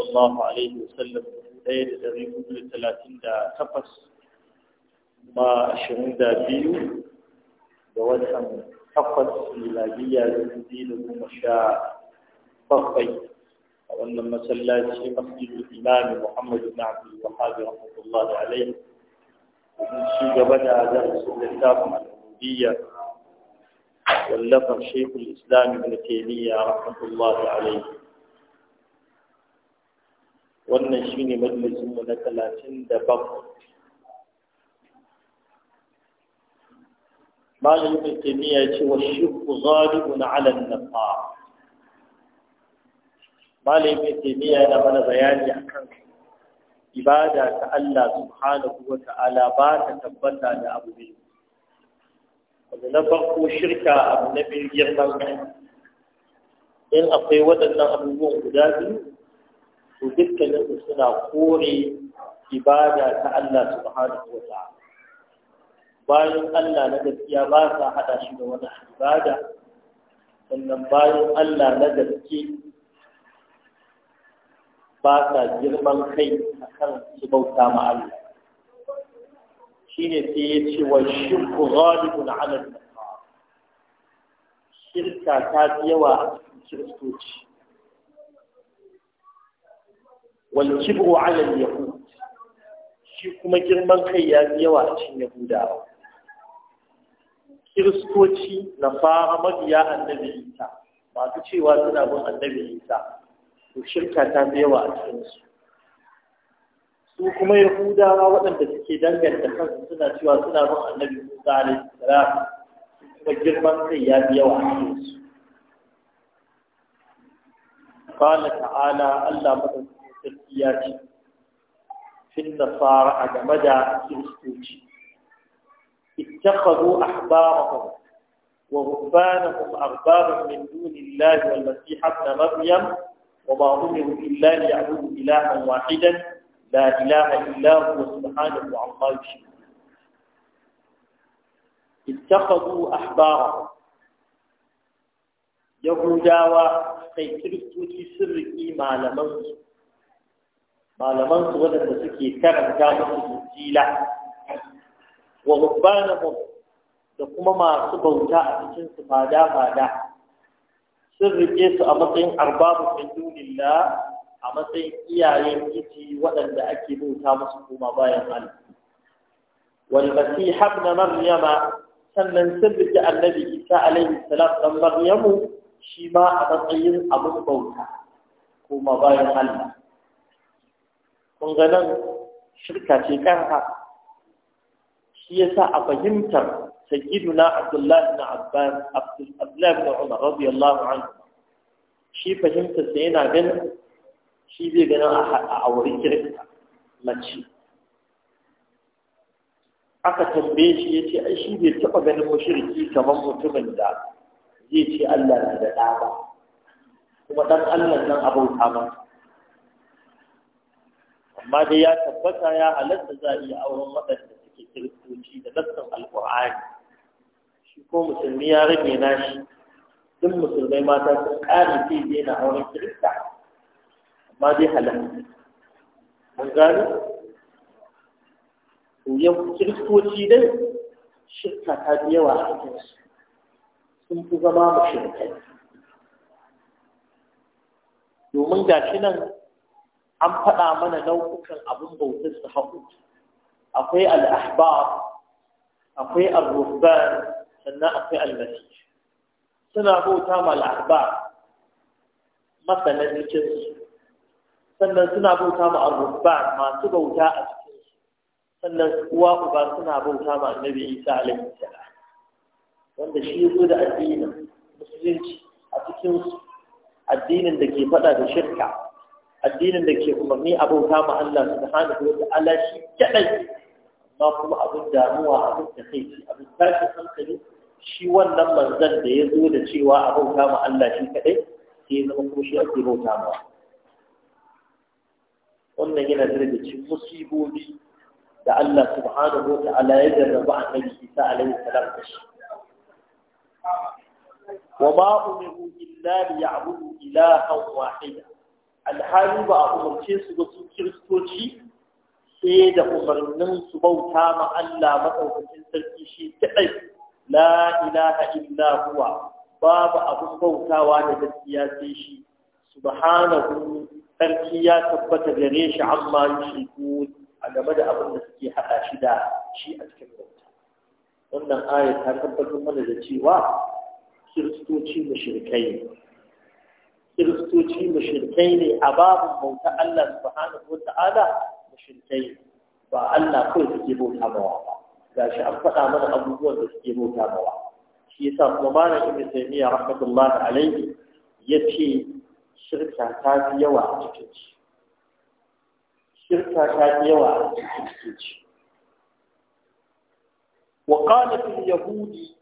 الله عليه وسلم ليلة ذي قبل ثلاثين دا تفس ما شنو دا بيو دوالها تفس ملاقية المدينة المشاعة فقي وأن المسلات في الإمام محمد بن عبد الوهاب رحمة الله عليه ومن سيد بدأ درس الكتاب العبودية واللفظ شيخ الإسلام ابن تيمية رحمة الله عليه wannan shine majalisin mu na talatin da bakwai malam ibn taymiya ce wa shirku zalimun ala an-nifaq malam ibn taymiya yana mana bayani a akan ibada ta Allah subhanahu wa ta'ala ba ta tabbata da abu ne. wanda na farko shirka abu na biyu girman in akwai waɗannan abubuwan guda biyu to dukkanin su suna kore ibada ta Allah subhanahu wa ta'ala bayan Allah na gaskiya ba sa hada shi da wani ibada sannan bayan Allah na gaske ba sa girman kai akan su bauta ma Allah shine sai ya ce wa shirku ghalibun ala al-nasara shirka ta fi yawa a cikin kiristoci wal kibru ala al yahud shi kuma girman kai ya yi yawa a cikin yahudawa kiristoci na fara mabiya annabi isa masu cewa suna bin annabi isa to shirka ta fi yawa a cikinsu su kuma yahudawa waɗanda suke danganta kansu suna cewa suna bin annabi musa alaihi salam kuma girman kai ya yi yawa a su قال تعالى الله مدد tsarkiya ce fin nasara a game da kiristoci ittakhadhu ahbarahum wa rubbanahum arbabam min dunillahi wal masiha ibn maryam wa ba'dhum min illahi ya'budu ilahan wahidan la ilaha illa huwa subhanahu wa ta'ala ittakhadhu ahbarahum yahudawa kai kiristoci sun riki malamansu malaman su waɗanda suke karanta musu injila wa rubbanahum da kuma masu bauta a cikin su fada fada sun rike su a matsayin arbabu min dunillah a matsayin iyayen giji waɗanda ake bauta musu kuma bayan Allah wal masih ibn maryam sannan sun rike annabi isa alaihi salam dan maryamu shi ma a matsayin abun bauta kuma bayan Allah kun ga nan shirka ce karha shi yasa a fahimtar na abdullahi ibn abbas abdullahi ibn umar radiyallahu anhu shi fahimtar sa yana ganin shi zai ganin a aure kirista mace aka tambaye shi ya ce ai shi bai taɓa ganin mushriki kamar mutumin da zai ce Allah na da ɗa ba kuma ɗan Allah nan abauta masa amma dai ya tabbata ya halatta za a iya auren waɗanda suke kiristoci da nassan alƙur'ani shi ko musulmi ya rage nashi duk musulmai mata sun ƙari sai zai na auren kirista amma dai halatta mun gano koyon kiristoci dai shirka ta fi yawa a cikin su sun fi zama mashirkai domin gashi nan an faɗa mana nau'ukan abin bautar su haƙu akwai al'ahbar akwai al-ruhban sannan akwai al-masih suna bauta ma al'ahbar masanan sannan suna bauta ma al-ruhban masu bauta a cikinsu sannan uwa uba suna bauta ma annabi isa alaihi wanda shi yi da addinin musulunci a cikinsu addinin da ke faɗa da shirka addinin da ke kuma ni abota ma Allah subhanahu wa ta'ala shi kadai ba kuma abin damuwa abin da kai shi abin tashi hankali shi wannan manzon da ya zo da cewa abota ma Allah shi kadai sai zama kuma shi ake bauta ma wannan yana da daga cikin musibobi da Allah subhanahu wa ta'ala ya jarraba a kai shi ta alaihi salam da shi وما أمروا إلا ليعبدوا إلها واحدا alhali ba a umarce su ba su kiristoci sai da umarnin su bauta ma Allah maɗaukacin sarki shi kaɗai la ilaha illa huwa babu abin bautawa da gaskiya sai shi subhanahu sarki ya tabbata gare shi amma yushriku a game da abin da suke haɗa shi da shi a cikin bauta wannan aya ta tabbatar mana da cewa kiristoci mushrikai ne kiristoci mushrikai ne a babin bauta Allah subhanahu wata'ala mushrikai ba Allah kawai suke bauta mawa ba Ga shi an faɗa mana abubuwan da suke bauta mawa shi yasa kuma malam ibnu taymiya rahmatullahi alaihi yace shirka ta fi yawa a cikin ci. shirka ta fi yawa a cikin ci. wa qalat al yahudi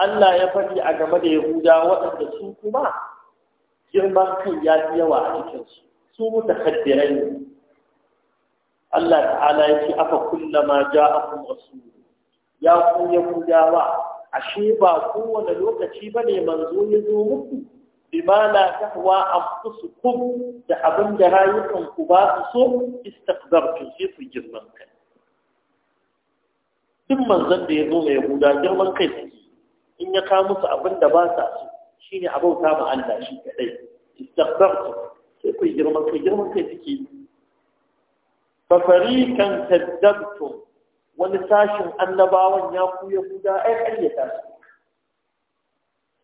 Allah ya faɗi a game da yahuda waɗanda su kuma girman kai ya fi yawa a cikinsu su haddirai ne Allah ta'ala ya ce aka a kuma wasu ya ku ya ba, a ashe ba kowane lokaci ba ne manzo ya zo muku bima la tahwa anfusukum da abin da rayukanku ba su so istakbartum sai ku girman kai duk manzon da ya zo mai guda girman kai suke in ya kawo musu abin da ba sa so shine abauta ma Allah shi kadai istakbartu sai ku girman kai girman kai take fa fariqan kadzabtum wani sashin annabawan ya ku guda ai ƙaryata su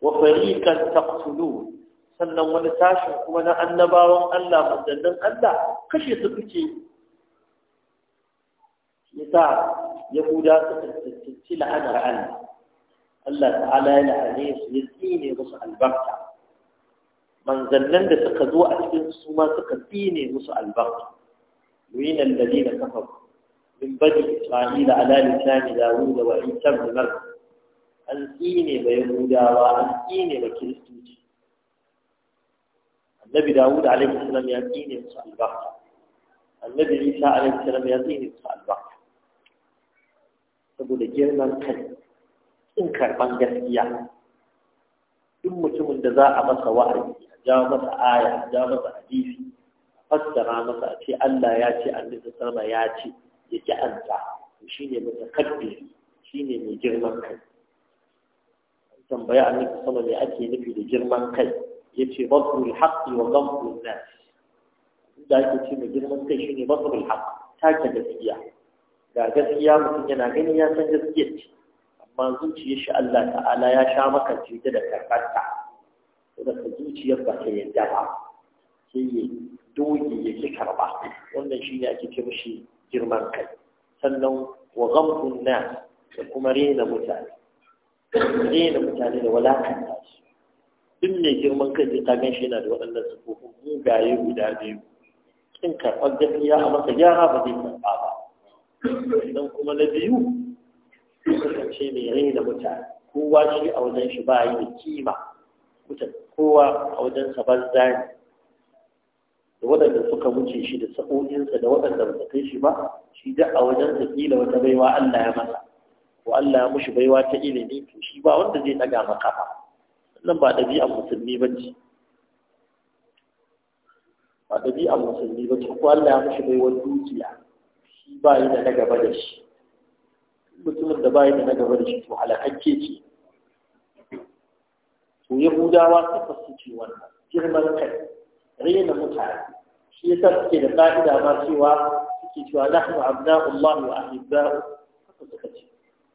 wa fariqan taqtulun sannan wani sashin kuma na annabawan Allah manzannin Allah kashe su kuke yasa yahuda suka tantance la'anar Allah Allah ta'ala ya la'ane ya tsine musu albarka manzannin da suka zo a cikin su ma suka tsine musu albarka yuyin allazi da kafaru min bani isra'ila ala lisani dawud wa isa ibn maryam an tsine ba yahudawa an tsine ba kiristoci annabi dawud alaihi salam ya tsine musu albarka annabi isa alaihi salam ya tsine musu albarka saboda girman kai in karban gaskiya duk mutumin da za a masa wa'azi a jawo masa aya a jawo masa hadisi a fassara masa a ce Allah ya ce annabi sama ya ce ya ji an ta shi ne mai girman kai tambaya annabi sama me ake nufi da girman kai ya ce, basrul haqqi wa ghamrun nas da ake ce mai girman kai shi shine basrul ta take gaskiya ga gaskiya mutum yana gani ya san gaskiyar ce ma zuciyar shi Allah ta'ala ya sha maka ta da karfarta da ka zuciyar ba ta yadda ba sai ya doge ya ki karba wannan shi ne ake ce shi girman kai sannan wa ghamtun nas da kuma rena mutane rena mutane da walakanta su duk mai girman kai sai ta gan shi yana da waɗannan sufofin mugaye guda biyu kin karɓar gaskiya a masa gyara ba zai karɓa ba sannan kuma na biyu kasance mai raina mutane kowa shi a wajen shi ba yi da kima mutane kowa a wajen sa banza ne da waɗanda suka wuce shi da sa'o'insa da waɗanda ba kai shi ba shi da a wajen sa kila wata baiwa Allah ya masa ko Allah ya mushi baiwa ta ilimi to shi ba wanda zai daga maka ba sannan ba ɗabi'ar musulmi ba ce ba ɗabi'ar musulmi ba ce ko Allah ya mushi baiwa dukiya shi ba yi da na gaba da shi mutumin da bayan da na gaba da shi to halakakke ce to yahudawa suka su ce wannan girman kai rena mutane shi ya yasa suke da ƙa'ida ma cewa suke cewa nahnu abna'ullahi wa ahibba'u haka suka ce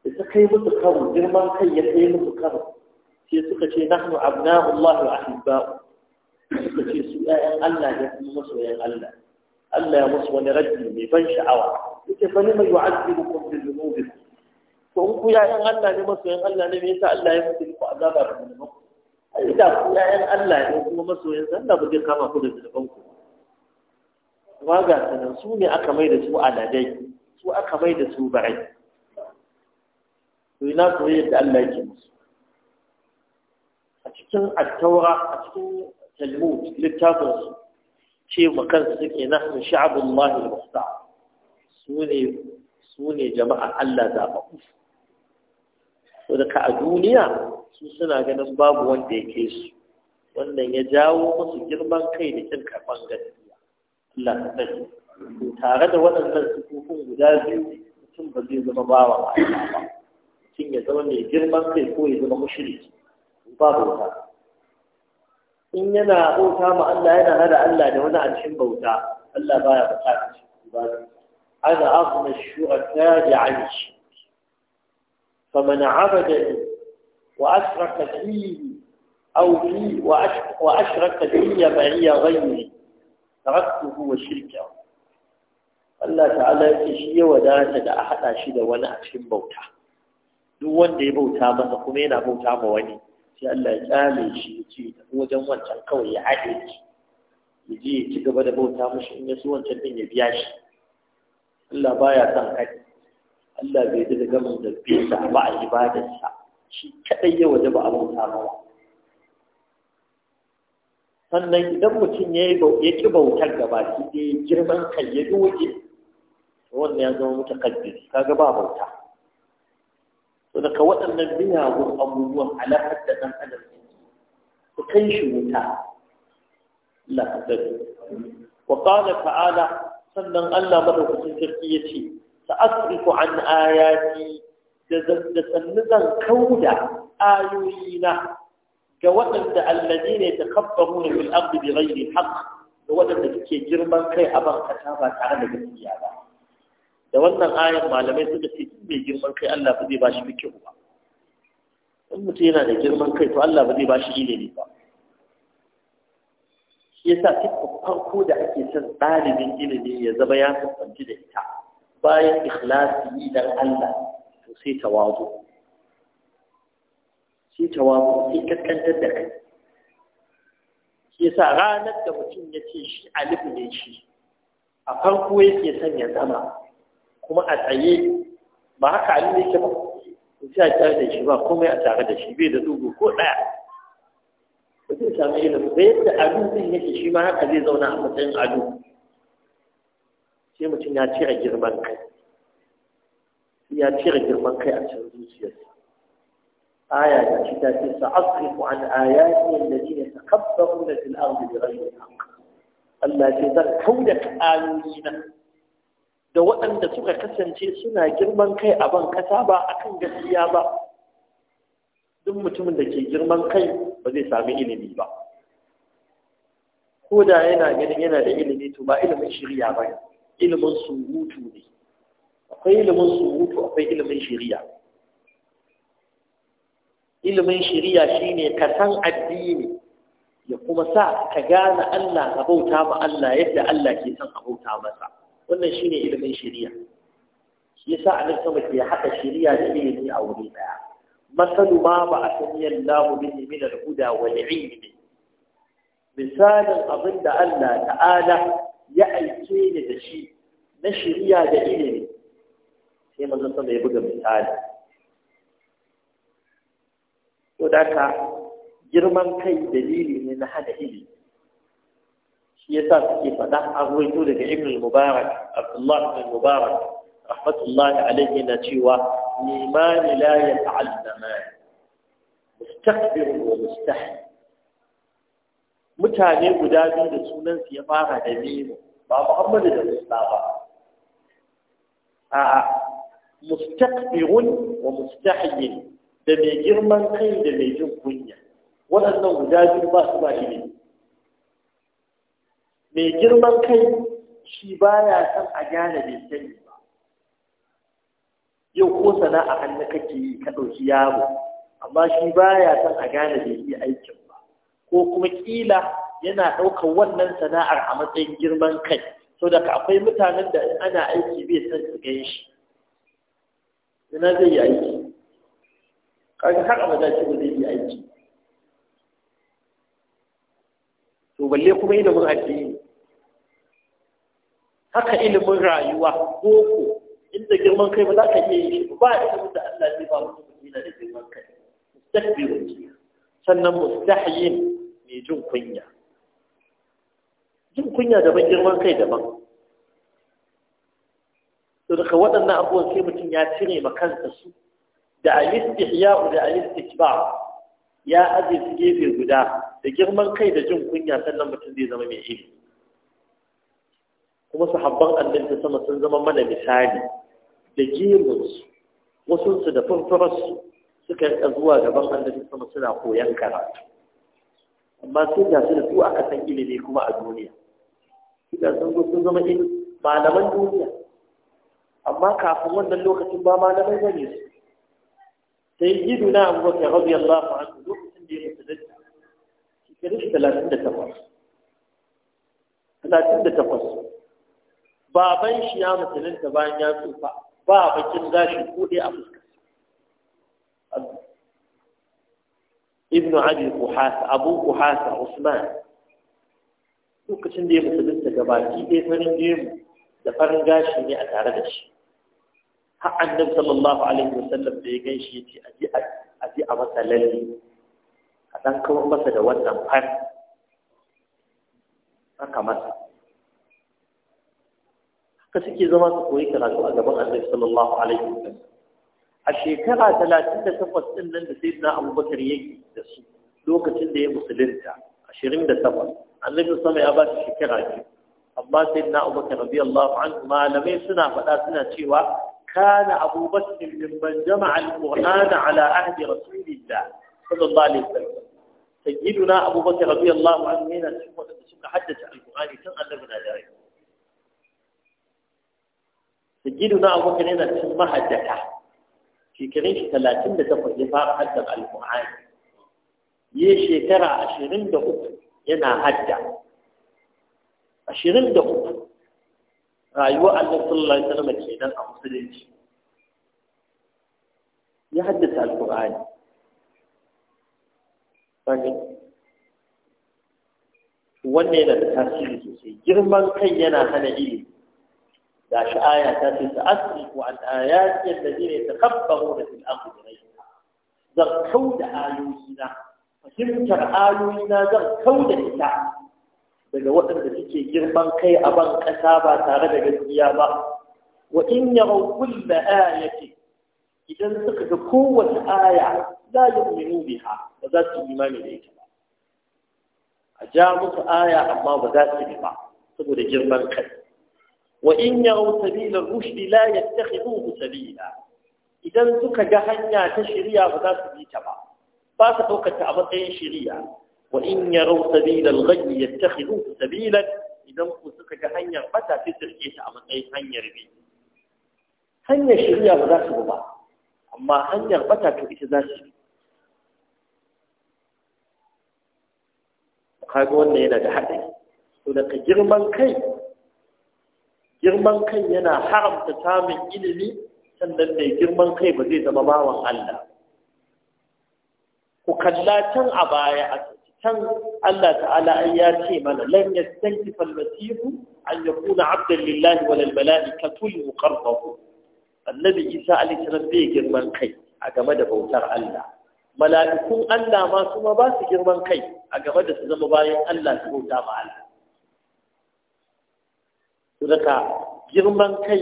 da ta kai musu karo girman kai ya kai musu karo sai suka ce nahnu abna'ullahi wa ahibba'u suka ce su ƴaƴan Allah ne kuma masoyan Allah Allah ya musu wani raddi mai ban sha'awa yake fa lima yu'azzibukum bi dhunubikum to in ku ya'yan Allah ne masoyan Allah ne me yasa Allah ya mutu ku azaba da zunuban ku ai da ku ya'yan Allah ne kuma masoyan sa Allah ba zai kama ku da zunuban ku amma ga sanan su ne aka mai da su aladai su aka mai da su barai to ina ku yadda Allah yake musu a cikin attaura a cikin talmud littafin su ce makansu suke nahnu sha'abullahi al-musta su ne su ne jama'a Allah zaɓaɓɓu so da ka a duniya su suna ganin babu wanda ya ke su wannan ya jawo musu girman kai da kin karɓar gaskiya Allah ka sani tare da waɗannan sukukun guda biyu mutum ba zai zama bawa yi ba mutum ya zama mai girman kai ko ya zama mushriki ba bauta in yana bauta ma Allah yana hada Allah da wani a cikin bauta Allah baya bukata shi ba ana afna shu'ata da anshi فمن عبدني وأشرك فيه أو في وأشرك في معي غيري تركته وشركه Allah ta'ala ce shi ya wadata da a haɗa shi da wani a cikin bauta duk wanda ya bauta masa kuma yana bauta ma wani sai Allah ya kyale shi ya ce wajen wancan kawai ya haɗe shi ya je ya ci gaba da bauta mashi in ya su wancan din ya biya shi Allah baya son haɗi Allah bai da gamu da bisa ba a ibadarsa shi kadai ya waje ba abin samawa sannan idan mutum ya ƙi bautar gaba shi ɗaya girman kai ya doge wannan ya zama mutakaddiri kaga ba bauta to daga waɗannan miyagun abubuwan alaƙar da ɗan adam su kai shi wuta Allah ka wa ta'ala sannan Allah madaukakin sarki ya ce. sa'asrifu an ayati da sannu zan kauda ayoyina ga waɗanda allazi ne ta kabbaru na fil ardi bi ghairi haqq waɗanda suke girman kai a ban kasa ba tare da gaskiya ba da wannan ayar malamai suka ce duk girman kai Allah ba zai ba shi in mutum yana da girman kai to Allah ba zai ba shi ba yasa duk farko da ake son ɗalibin ilimi ya zama ya kasance da ita bayan ikhlasi idan Allah to sai tawazu sai tawazu sai kaskantar da kai shi yasa ranar da mutum ya ce shi alif ne shi a farko yake son ya zama kuma a tsaye ba haka alif yake ba to sai a tare da shi ba komai a tare da shi bai da dubu ko daya ba zai sami ilimi ba yadda alu din yake shi ma haka zai zauna a matsayin alu sai mutum ya cire girman kai ya cire girman kai a cikin zuciyarsa aya da ci ta ce sa'asrifu an ayati alladhina takabbaruna fil ardi bighayri haqq Allah ce zan kauda ayoyi na da waɗanda suka kasance suna girman kai a ban kasa ba akan gaskiya ba duk mutumin da ke girman kai ba zai sami ilimi ba ko da yana ganin yana da ilimi to ba ilimin shirya ba ne ilimin surutu ne akwai ilimin surutu akwai ilimin shari'a ilimin shari'a shine ka san addini ya kuma sa ka gane Allah ka bauta ma Allah yadda Allah ke son a bauta masa wannan shine ilimin shari'a shi yasa annabi sama ke haɗa shari'a da ilimi a wuri daya masalu ma ba a sani Allah bihi min al-huda wal misalin abinda Allah ta'ala ya aike ni da shi na shiriya da ilimi sai manzo sallallahu ya buga misali to da ka girman kai dalili ne na hada ilimi shi yasa suke faɗa a ruwaito daga ibn al-mubarak abdullah ibn al-mubarak rahmatullahi alayhi na cewa limani la yata'allama mustakbirun wa mustahil mutane guda biyu da sunansu ya fara da mimu ba muhammadu da musa ba a'a mustaqbirun wa mustahyin da mai girman kai da mai jin kunya waɗannan guda biyu ba su ba ne mai girman kai shi baya son a gane mai sani ba yau ko sana'a hannu kake yi ka ɗauki yaro amma shi baya son a gane mai yi aikin ko kuma kila yana ɗaukar wannan sana'ar a matsayin girman kai so da akwai mutanen da ana aiki bai san su gan shi ina zai yi aiki kaga har abada shi ba zai yi aiki to balle kuma ilimin addini haka ilimin rayuwa boko inda girman kai ba za ka iya yi shi ba ilimin da Allah zai ba mutum yana da girman kai mustakbirun sannan mustahiyin mai jin kunya jin kunya daban girman kai daban to daga waɗannan abubuwan sai mutum ya cire ma kansa su da ya da ba ya aje su gefe guda da girman kai da jin kunya sannan mutum zai zama mai iri kuma su habban sahabban ta sama sun zama mana misali da gemunsu wasunsu da furfurarsu suka yi zuwa gaban ta sama suna koyon karatu amma sun da su da su aka san ilimi kuma a duniya Ina sun zo sun zama ilimi malaman duniya amma kafin wannan lokacin ba malamai bane su sai gidu na abubakar fa anhu lokacin da ya mutu da shekaru shi talatin da takwas talatin da takwas baban shi ya da bayan ya tsufa ba bakin gashi kuɗe a fuska ibnu abi kuhasa abu kuhasa usman lokacin da ya musulunta gabaki ɗaya farin gemu da farin gashi ne a tare da shi har annabi sallallahu alaihi wasallam da ya gan shi ya ce a ji a masa lalle a ɗan kawar masa da wannan far haka masa haka suke zama su koyi karatu a gaban annabi sallallahu alaihi wasallam a shekara talatin da takwas ɗin nan da sai na abubakar yake da su lokacin da ya musulunta ashirin da takwas annabin sama ya ba shi shekara biyu amma sai na abubakar radiyallahu anhu malamai suna faɗa suna cewa kana abubakar min ban jama'a alqur'ana ala ahdi rasulillah sallallahu alaihi wasallam sayyiduna abubakar radiyallahu anhu yana cikin wanda suka haddace alqur'ani tun annabi na da rai sayyiduna abubakar yana cikin mahaddata shekarun shi talatin da takwas ya fara haddar alƙur'ani ya shekara ashirin da uku yana hadda ashirin da uku rayuwa annabi sallallahu alaihi wasallam kenan a musulunci ya haddasa alƙur'ani wannan yana da tasiri sosai girman kai yana hana ilimi gashi aya ta ce ta asrifu an ayati alladhina da fil ardi rai. zan kauda ayoyina fahimtar ayoyina zan kauda ita daga waɗanda suke girman kai a ban ƙasa ba tare da gaskiya ba wa in yaraw kulla ayati idan suka ga kowace aya la yu'minu biha ba za su imani da ita ba a ja musu aya amma ba za su yi ba saboda girman kai wa in yaraw sabila ar-rushd la yattakhiduhu sabila idan suka ga hanya ta shari'a ba za su bi ta ba ba su daukar a matsayin shari'a wa in yaraw sabila al-ghayy yattakhiduhu sabila idan ku suka ga hanyar bata sai su rike ta a matsayin hanyar bi hanyar shari'a ba za su ba amma hanyar bata to ita za su bi kaga wannan yana da haɗari to daga girman kai girman kai yana haramta samun ilimi sannan mai girman kai ba zai zama bawan Allah ku kalla can a baya a can Allah ta'ala An ya ce mana lan yastankifa al-masih an yakuna 'abdan lillahi wal mala'ikatu yuqarrabu annabi Isa alayhi salam bai girman kai a game da bautar Allah mala'ikun Allah ma su ma ba su girman kai a game da su zama bayan Allah su bauta ma Allah daga girman kai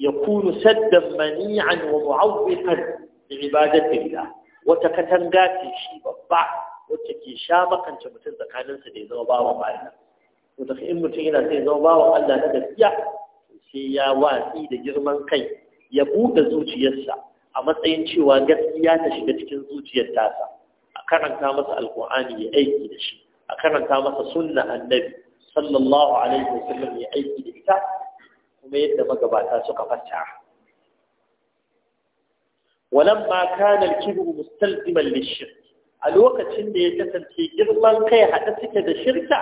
ya kunu saddan mani'an wa mu'awwiqan li ibadatillah wata katanga ce shi babba wacce ke sha makance mutum tsakaninsa da ya zama bawan Allah to daga in mutum yana sai zama bawan Allah na gaskiya sai ya watsi da girman kai ya buɗe zuciyarsa a matsayin cewa gaskiya ta shiga cikin zuciyar tasa a karanta masa alkur'ani ya aiki da shi a karanta masa sunna annabi sallallahu alaihi wasallam ya aiki da ita kuma yadda magabata suka fassara ولما كان الكبر Shirk a lokacin da ya kasance girman kai hada take da shirka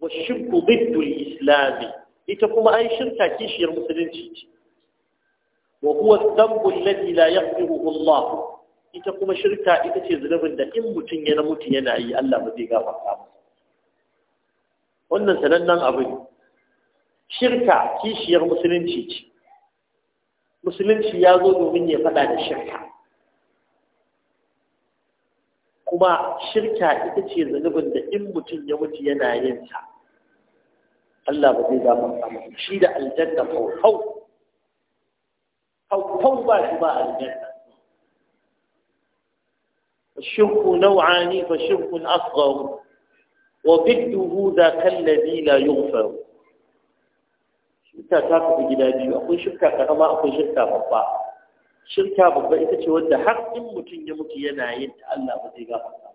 wa shirku biddu islami ita kuma ai shirka kishiyar musulunci ce wa huwa dhanbu alladhi la yaghfiruhu Allah ita kuma shirka ita ce zunubin da in mutun ya mutu yana yi Allah ba zai gafarta masa wannan sanannen abu ne shirka kishiyar musulunci ce musulunci ya zo domin ya faɗa da shirka kuma shirka ita ce zunubin da in mutum ya mutu yana yin sa Allah ba zai samu shi da aljanna hau hau ba shi ba aljanna Nau'ani, نوعان فشرك أصغر وضده ذاك الذي لا يغفر shirka ta kafa gida biyu akwai shirka karama akwai shirka babba shirka babba ita ce wanda har in mutum ya mutu yana yin ta Allah ba zai gafarta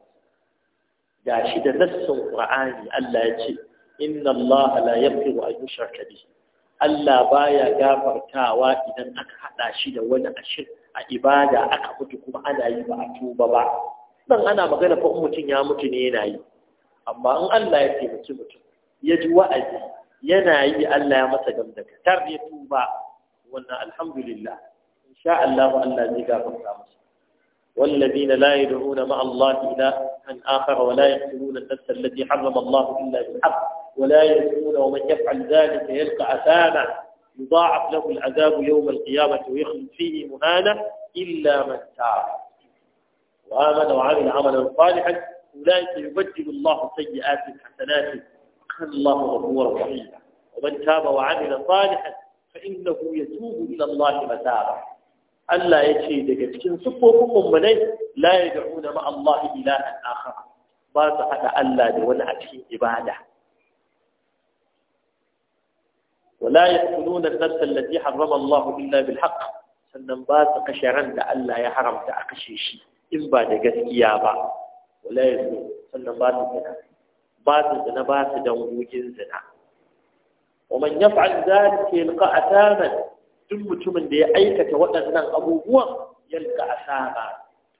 ga shi da nassin Qur'ani Allah ya ce inna Allah la yaghfiru an yushraka bihi Allah baya gafartawa idan aka hada shi da wani ashir a ibada aka mutu kuma ana yi ba a tuba ba dan ana magana fa mutum ya mutu ne yana yi amma in Allah ya taimaki mutum ya ji wa'azi yana yi Allah ya masa gamdakatar ya tuba wannan alhamdulillah insha Allah Allah zai gafarta masa والذين لا يدعون مع الله إلها آخر ولا يقتلون النفس التي حرم الله إلا بالحق ولا يزنون ومن يفعل ذلك يلقى أثاما يضاعف له العذاب يوم القيامة ويخلد فيه مهانة إلا من تاب وآمن وعمل عملا صالحا أولئك يبدل الله سيئات حسنات وكان الله غفورا رحيما ومن تاب وعمل صالحا فإنه يتوب إلى الله متابا ألا يجي دقتكين صفوكم مني لا يدعون مع الله إلها آخر بات حتى ألا دون أكشي إبادة ولا يأكلون النفس التي حرم الله إلا بالحق sannan ba su ألا يحرم تأقشيشي إن ya haramta wala sannan ba su zina ba su zina ba su dangogin zina wa man yaf'al zalika yalqa duk mutumin da ya aikata waɗannan abubuwan yalqa asaba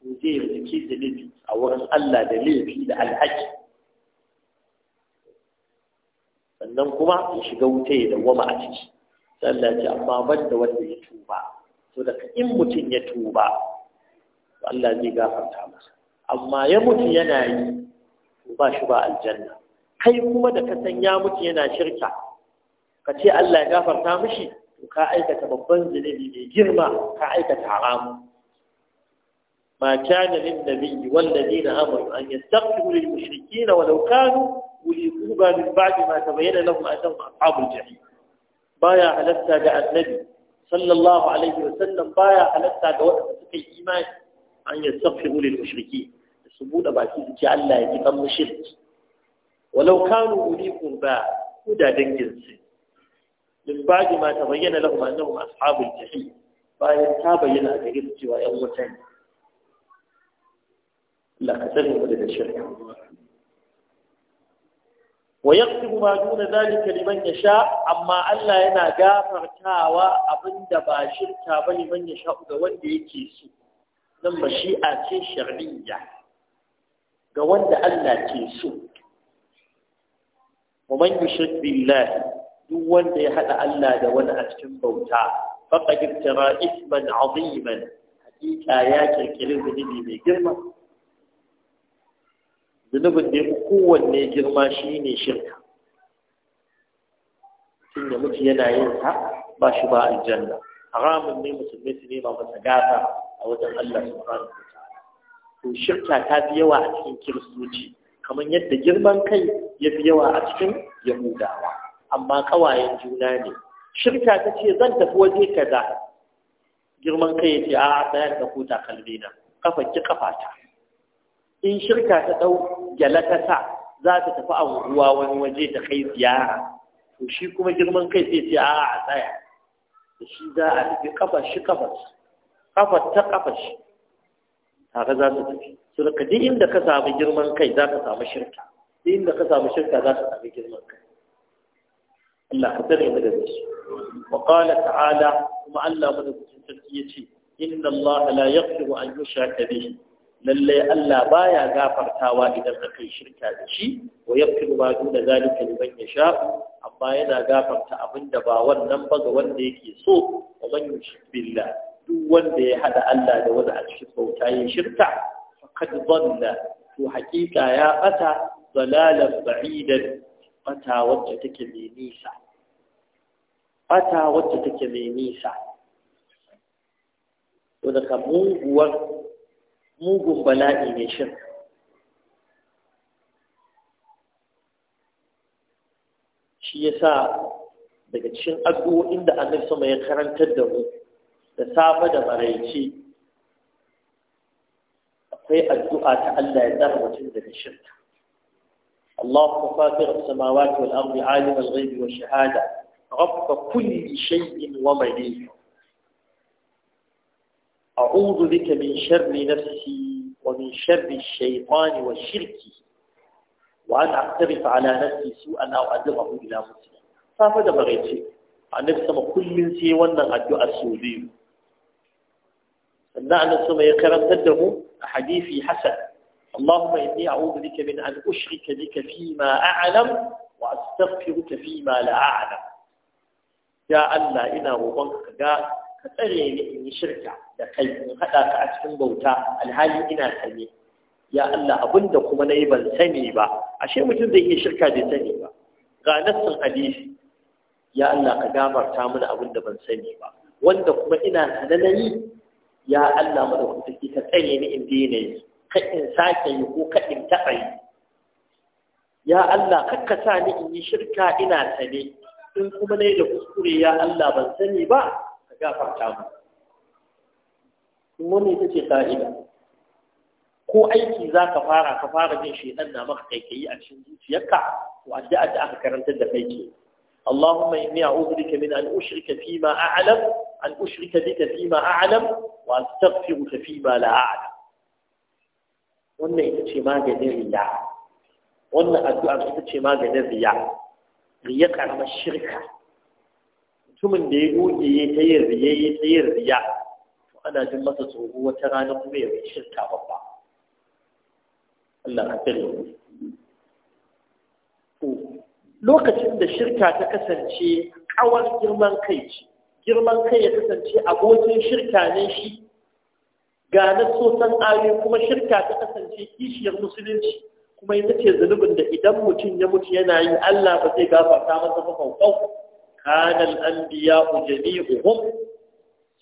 to zai rikici da laifi a wurin Allah da laifi da alhaki sannan kuma ya shiga wuta ya dawwama a ciki Sallaci ce amma ban da wanda ya tuba so da in mutum ya tuba Allah zai gafarta masa amma ya mutu yana yi ba shi ba aljanna kai kuma da ka san ya mutu yana shirka ka ce Allah ya gafarta mishi to ka aikata babban zinari mai girma ka aikata haramu ma kana lin nabiyyi wal ladina amanu an yastaghfiru lil mushrikeena walau kanu uli quba min ba'di ma tabayyana lahum annahum ashabul jahim baya halatta da annabi sallallahu alaihi wasallam baya halatta da wanda suka yi imani an yastaghfiru lil da su buɗe baki su ce Allah ya ji kan mushriki walau kanu uli qurba ko da danginsu. su min ba'di ma tabayyana lahum annahum ashabul jahim bayan ta bayyana a gare cewa ƴan wuta ne la kasarin wa da shirka wa yaqtibu ma duna zalika liman yasha amma Allah yana gafartawa abinda ba shirka bane man yasha ga wanda yake so nan mashi'a ce shar'iyya ga wanda Allah ke so wa man yushrik duk wanda ya haɗa Allah da wani a cikin bauta faqad iftara isman aziman hakika ya kirkiri zunubi mai girma zunubin da ya fi kowanne girma shine shirka tun da mutu yana yin sa ba shi ba aljanna haramun ne musulmi su nema masa gata a wajen Allah subhanahu wa ta'ala to shirka ta fi yawa a cikin kiristoci kamar yadda girman kai ya fi yawa a cikin yahudawa amma kawayen juna ne shirka ta ce zan tafi waje kaza girman kai ya ce a tsayar da ko takalmi na kafa ki kafa ta in shirka ta dau gyala ta sa za ta tafi anguwa wani waje ta kai ziyara to shi kuma girman kai sai ce a a tsaya da shi za a tafi kafa shi kafa ƙafa ta ƙafa shi tare za su tafi su da duk inda ka samu girman kai za ka samu shirka duk inda ka samu shirka za ka samu girman kai Allah ka tsare mu da su wa qala ta'ala kuma Allah mu da sarki yace inna Allah la yaghfiru an yushraka bihi lalle Allah baya gafartawa idan aka yi shirka da shi wa yaghfiru ma duna zalika liman yasha amma yana gafarta abinda ba wannan ba ga wanda yake so wa man yushrik billah duk wanda ya hada Allah da wani a cikin bauta ya shirka faqad dhalla to hakika ya bata dalalan ba'idan bata wacce take mai nisa bata wacce take mai nisa to muguwar mugun bala'i ne shirka shi yasa daga cikin addu'o'in da Annabi sama ya karantar da mu da safe da maraici akwai addu'a ta Allah ya tsara mutum daga shirka Allah ku fafi a samawati wa al'amri alim al-ghaibi wa shahada rabba kulli shay'in wa malik a'udhu bika min sharri nafsi wa min sharri shaytani wa shirki wa an aqtarif ala nafsi su'an aw adhibahu ila mutsi safa da bareci annabi sama kullun sai wannan addu'ar su biyu sannan annan sama ya karantar da mu a hadisi hasan Allahumma inni a'udhu bika min an ushrika bika fi ma a'lam wa astaghfiruka fi ma la ya Allah ina roƙonka ka ga ka tsare ni in yi shirka da kai in haɗa ka a cikin bauta alhali ina sane ya Allah abinda kuma nayi ban sani ba ashe mutum zai iya shirka bai sani ba ga nassin hadisi ya Allah ka gafarta mana abin da ban sani ba wanda kuma ina sananayi ya Allah madaukaki ka tsare ni in daina yi ka in sake yi ko ka in taɓa yi ya Allah kakka sa ni in yi shirka ina sane in kuma na yi da kuskure ya Allah ban sani ba ka gafarta mu ne ta ce ka'ida ko aiki za ka fara ka fara jin shaidan na maka kaikayi a cikin zuciyarka ko addu'a da aka karantar da kai ke اللهم إني أعوذ بك من أن أشرك فيما أعلم أن أشرك بك فيما أعلم وأستغفرك فيما لا أعلم وأن إتشي ما قدر رياء وأن أدعى إتشي ما قدر رياء رياء على الشركة mutumin da ya goge ya ta yin riya ya ta yin riya to ana jin masa tsoro wata rana kuma ya bai shirka babba Allah ka mu lokacin da shirka ta kasance kawar girman kai ce girman kai ya kasance abokin shirka ne shi ga nasosan ayoyi kuma shirka ta kasance kishiyar musulunci kuma ita ce zunubin da idan mutum ya mutu yana yi Allah ba zai gafarta masa ba an biya anbiya'u jami'uhum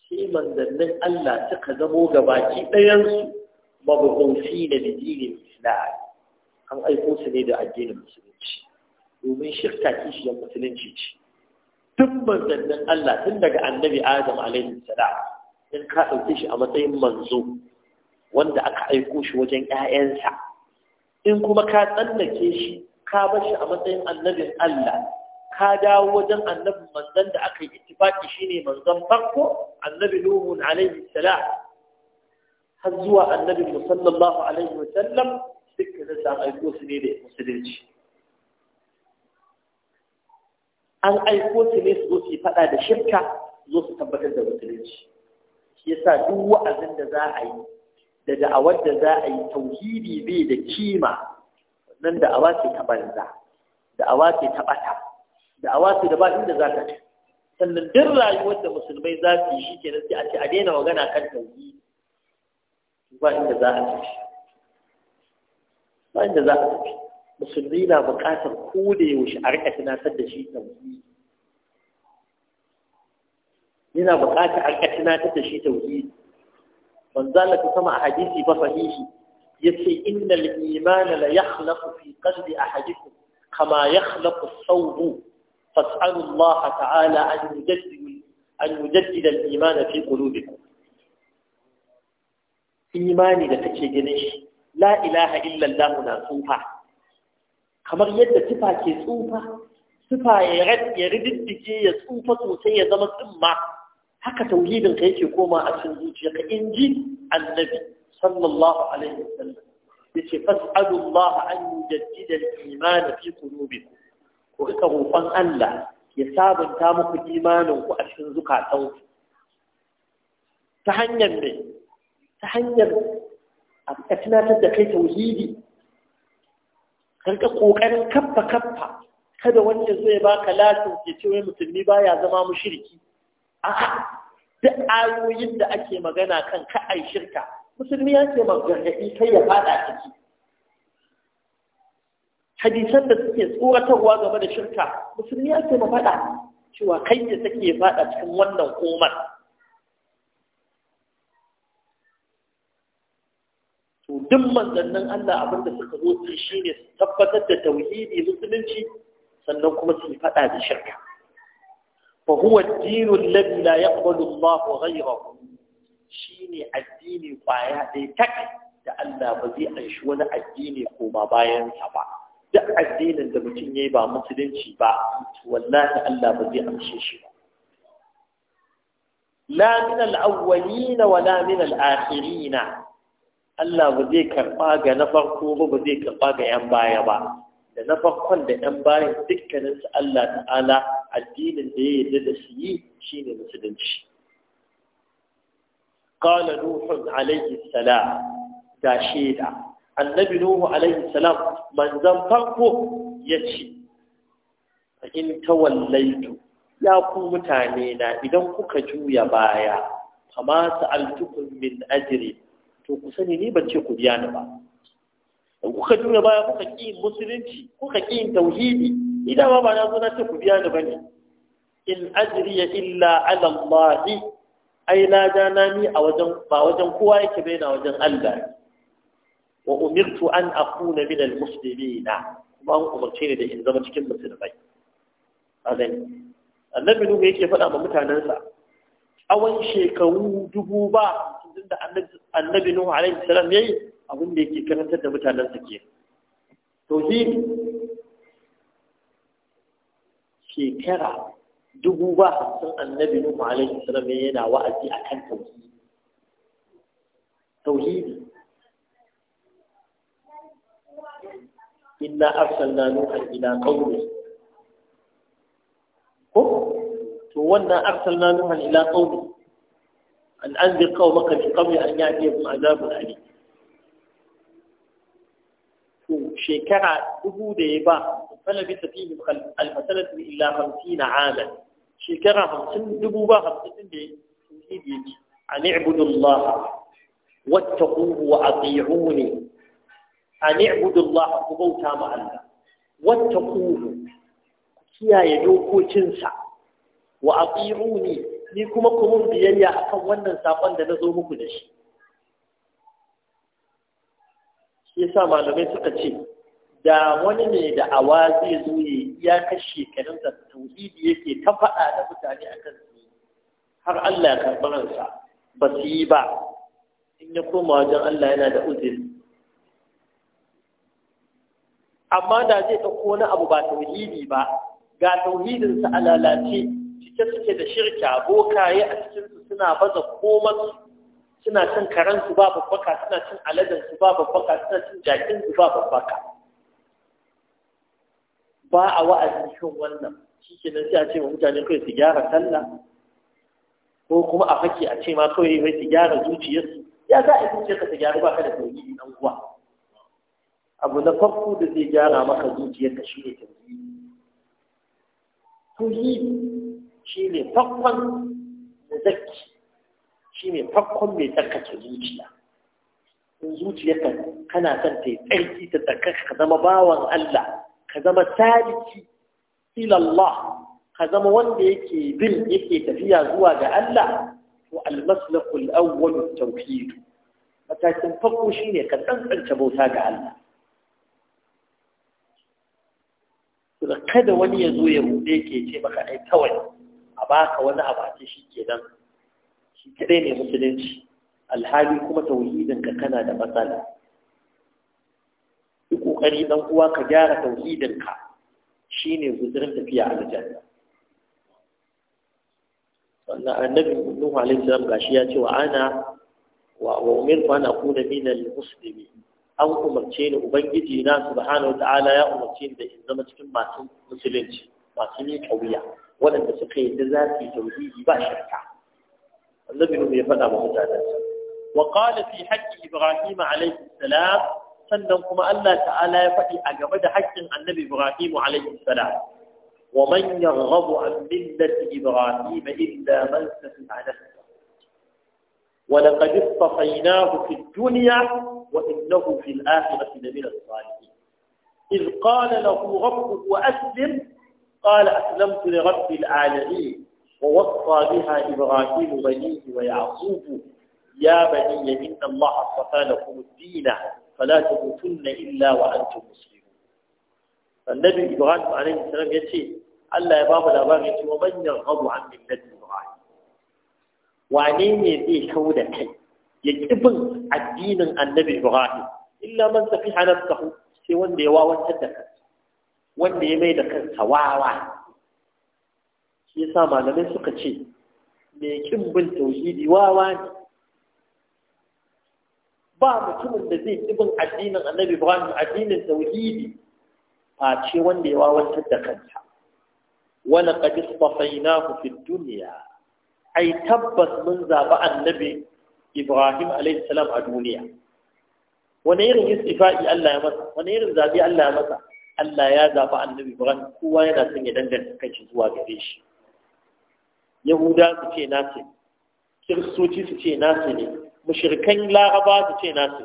shi manzannin Allah suka zamo baki ɗayansu mabubunsi da dijinin islam an aiko su ne da addinin musulunci domin shirka kishiyar musulunci ce duk manzannin Allah tun daga annabi Adam alaihi salam in ka ɗauke shi a matsayin manzo wanda aka aiko shi wajen ƴaƴansa in kuma ka tsallake shi ka bar shi a matsayin annabin Allah ka dawo wajen annabin manzon da aka yi ittifaki shine manzon farko annabi Nuhu alaihi salam har zuwa annabi sallallahu alaihi wa sallam dukkan sa aiko su ne da musulunci an aiko su ne su zo su yi faɗa da shirka zo su tabbatar da musulunci shi yasa duk wa'azin da za a yi da da'awar da za a yi tauhidi bai da kima nan awa ce ta banza awa ce ta bata awa ce da ba inda za ta ci sannan duk rayuwar da musulmai za su yi shi kenan sai a ce a daina magana kan tauhidi ba inda za a tafi ba inda za a tafi musulmi na buƙatar ko da yaushe a rika tunatar da shi tauhidi yana buƙatar a riƙa tunatar da shi tauhidi manzo Allah ta sama a hadisi ba sahihi yace innal iman la yakhlaqu fi qalbi ahadikum kama yakhlaqu as-sawb fas'alu Allah ta'ala an yujaddid an yujaddid al-iman fi qulubikum imani da take ganin shi la ilaha illa Allah na tsufa kamar yadda tufa ke tsufa tufa ya rididdike ya tsufa sosai ya zama tsumma haka tauhidin ka yake koma a cikin zuciyarka in ji annabi sallallahu alaihi wasallam yace fas'alu Allah an yujaddida al-iman fi qulubikum ku ka roƙon Allah ya sabunta muku imanin ku a cikin zukatanku ta hanyar ne ta hanyar a tunatar da kai tauhidi karka kokarin kaffa kaffa kada wanda zai baka lasin ke cewa mutumi musulmi baya zama mushriki a'a duk ayoyin da ake magana kan ka ai shirka musulmi ya ce magargadi kai ya fada ciki hadisan da suke tsoratarwa game da shirka musulmi ya ce mafada cewa kai ne take fada cikin wannan komar to duk manzannin Allah abinda suka zo su ne su tabbatar da tauhidi musulunci sannan kuma su faɗa da shirka fa huwa ad-din alladhi la yaqbalu Allah ghayrahu shine addini kwaya dai tak da Allah ba zai anshi wani addini koma bayan sa ba duk addinin da mutum yayi ba musulunci ba wallahi Allah ba zai amshe shi ba la min al-awwalin wa la min al-akhirin Allah ba zai karɓa ga na farko ba ba zai karɓa ga 'yan baya ba da na farkon da 'yan bayan dukkaninsu Allah ta'ala addinin da ya yarda da su yi shi ne musulunci ƙala nuhu alayhi salam da shaida, annabi nuhu alayhi salam manzan farko ya ce. in wallaitu ya ku mutane na idan kuka juya baya kama sa'altukum min ajri to ku sani ni ban ce ku biya ni ba kuka juya baya kuka ƙi musulunci kuka ƙi tauhidi idan ma ba na zo na ce ku biya ni bane in ya illa ala Allah ai na dana ni a wajen ba wajen kowa yake bai na wajen Allah wa umirtu an akuna min al-muslimin kuma an umarce ni da in zama cikin musulmai azan annabi nuhu yake faɗa ma mutanansa tsawon shekaru dubu ba tun da annabi annabi nuhu alaihi salam yayi abin da yake karantar da mutanen sa ke tauhidi shekara dubu ba hamsin annabi nuhu alaihi salam yayi yana wa'azi akan tauhidi tauhidi inna arsalna nuhan ila qaumi ko to wannan arsalna nuhan ila qaumi an anzir qaumaka min qabli an ya'tiyahum azabun alim to shekara dubu da ya ba falabi tafihim alfasalatu illa 50 aman shekara 50 dubu ba 50 da tauhid yake an ibudu Allah wattaquhu wa ati'uni an ibudu Allah ku bauta ma Allah wattaquhu kiyaye dokokinsa wa ati'uni ni kuma kuma biyayya biyayya akan wannan sakon da na zo muku da shi shi sa malamai suka ce da wani ne da awa zai zo ya iyakar shekarun da tauhidi yake ta faɗa da mutane a kan su har Allah ya karɓi ba su yi ba in ya koma wajen Allah yana da uzuri amma da zai ɗauko wani abu ba tauhidi ba ga tauhidinsa a lalace ita suke da shirka abokaye a cikinsu suna baza komansu suna cin karensu ba babbaka suna cin aladansu ba babbaka suna cin jakinsu ba babbaka ba a wa'azi shin wannan shi ke nan sai a ce wa mutane kawai su gyara sallah ko kuma a fake a ce ma kawai mai su gyara zuciyarsu ya za a yi zuciyarka ta gyaru ba ka da tauhidi nan kuwa abu na farko da zai gyara maka zuciyarka shi ne tauhidi shi ne farkon zaki shi ne fakon mai tsarkake zuciya in zuciyarka kana son ta yi tsarki ta tsarkaka ka zama bawan Allah ka zama saliki ilallah ka zama wanda yake bin yake tafiya zuwa ga Allah to almaslakul awwal tauhid matakin farko shine ka tsantsance bauta ga Allah kada wani ya zo ya rude ke ce maka ai kawai a baka wani abu a ce shi kenan shi kadai ne musulunci alhali kuma tauhidin ka kana da matsala Duk kokari dan uwa ka gyara tauhidin ka shine guzurin tafiya aljanna wannan annabi nuhu alaihi salam gashi ya ce wa ana wa umirtu an akuna min al-muslimin an umarce ni ubangiji na subhanahu wa ta'ala ya umarce ni da in zama cikin masu musulunci masu ni kauya waɗanda suka yi da za su yi tauhidi ba shirka annabi nuhu ya faɗa wa mutanensa wa qala fi haqqi ibrahim alayhi salam sannan kuma Allah ta'ala ya faɗi a game da haƙƙin annabi ibrahim alayhi salam wa man yarghabu an millati ibrahim illa man safiha nafsa wa laqad istafaynahu fi dunya wa innahu fi al-akhirati lamina as-salihin إذ قال له ربه وأسلم قال أسلمت لرب العالمين ووصى بها إبراهيم بنيه ويعقوب يا بني إن الله اصطفى لكم الدين فلا تموتن إلا وأنتم مسلمون فالنبي إبراهيم عليه السلام يأتي ألا يا بابا لا يتي ومن يرغب عن ملة إبراهيم وعنين يدي كي يجبن الدين النبي إبراهيم إلا من سفيح نفسه سوى ديوا وتدفت wanda ya mai da kansa wawa shi yasa malamai suka ce mai kin bin tauhidi wawa ne ba mutumin da zai ƙi bin addinin annabi ibrahim addinin tauhidi a ce wanda ya wawantar da kansa wani ƙadis fasainahu fi duniya ai tabbas mun zaɓi annabi ibrahim alaihissalam a duniya wani irin istifa'i allah ya masa wani irin zaɓi allah ya masa Allah ya zafi annabi Ibrahim kowa yana son ya danganta kanshi zuwa gare shi Yahuda su ce nasu Kiristoci su ce nasu ne mushrikan Laraba su ce nasu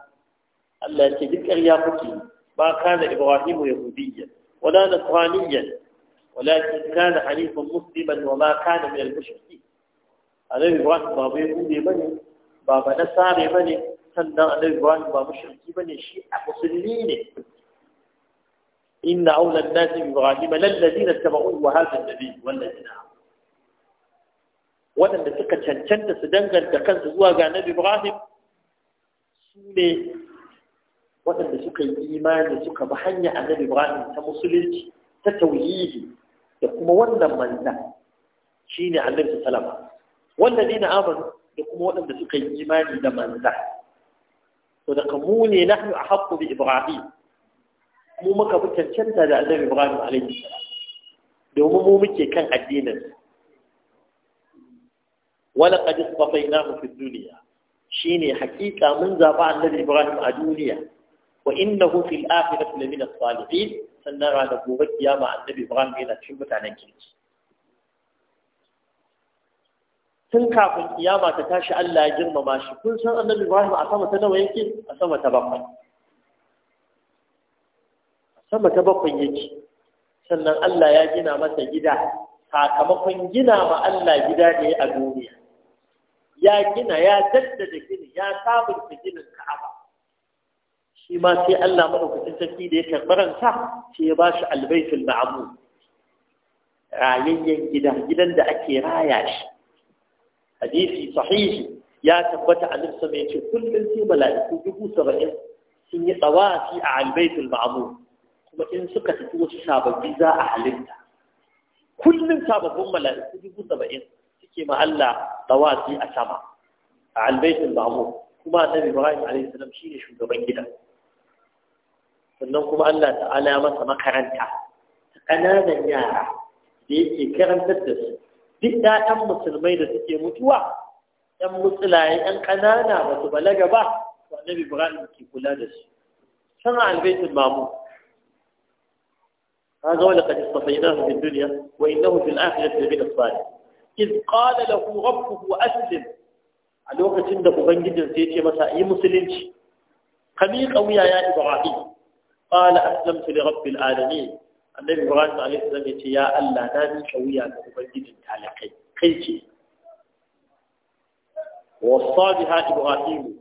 Allah ya ce duk ƙarya kuke ba kana Ibrahimu yahudiyya wala nasraniyya walakin kana hanifan musliman wa ma kana min al-mushriki Annabi Ibrahim ba bai ba ne, ba ba ba ne, sannan Annabi Ibrahim ba mushriki ne shi a musulmi ne إن أولى الناس بإبراهيم للذين اتبعوه وهذا النبي والذين آمنوا ولن تلك تشنشن تسدنجا تكنت هو نبي إبراهيم سوني ولن تلك الإيمان تلك بحنيا عن نبي إبراهيم تمسلج تتوهيد يقوم ولن من لا شيني عن نبي سلامة والذين آمنوا يقوم ولن تلك الإيمان لمن لا ودقموني نحن أحط بإبراهيم mu muka fi cancanta da annabi ibrahim alaihi domin mu muke kan addinin wala qad istafainahu fi dunya shine hakika mun zaba annabi ibrahim a duniya wa innahu fil akhirati lamina salihin sannan da gobe kiyama annabi ibrahim yana cikin mutanen kirki tun kafin kiyama ta tashi Allah ya girmama shi kun san annabi Ibrahim a sama ta nawa yake a sama ta bakwai sama ta bakwai yake sannan Allah ya gina masa gida sakamakon gina ma Allah gida ne a duniya ya gina ya daddada gini ya sabunta ginin Ka'aba shi ma sai Allah madaukakin sarki da ya karɓi sa, sai ya bashi albaitul ma'mur rayayyen gida gidan da ake raya shi hadisi sahihi ya tabbata a nufsa mai ce kullum sai mala'iku dubu saba'in sun yi tsawafi a albaitul ma'mur in suka tafi wasu sababbi za a halitta kullum sababbin mala'iku dubu saba'in suke ma Allah tawafi a sama a albaitin ma'amur kuma annabi Ibrahim alaihi salam shine shugaban gidan sannan kuma Allah ta'ala ya masa makaranta ta ƙananan yara da yake karantar da su duk ɗaɗan musulmai da suke mutuwa ɗan mutsulaye ɗan ƙanana ba su balaga ba to annabi Ibrahim ke kula da su sana albaitin ma'amur هذا ولقد اصطفيناه في الدنيا وإنه في الآخرة لبن الصالح إذ قال له ربه اسلم على وقت عنده بن جد سيتي مساء يمسلنش إيه خميق أو يا إبراهيم قال أسلمت لرب العالمين النبي إبراهيم عليه السلام يتي يا الله نادي شوية بن جد تالقي خيتي وصى بها إبراهيم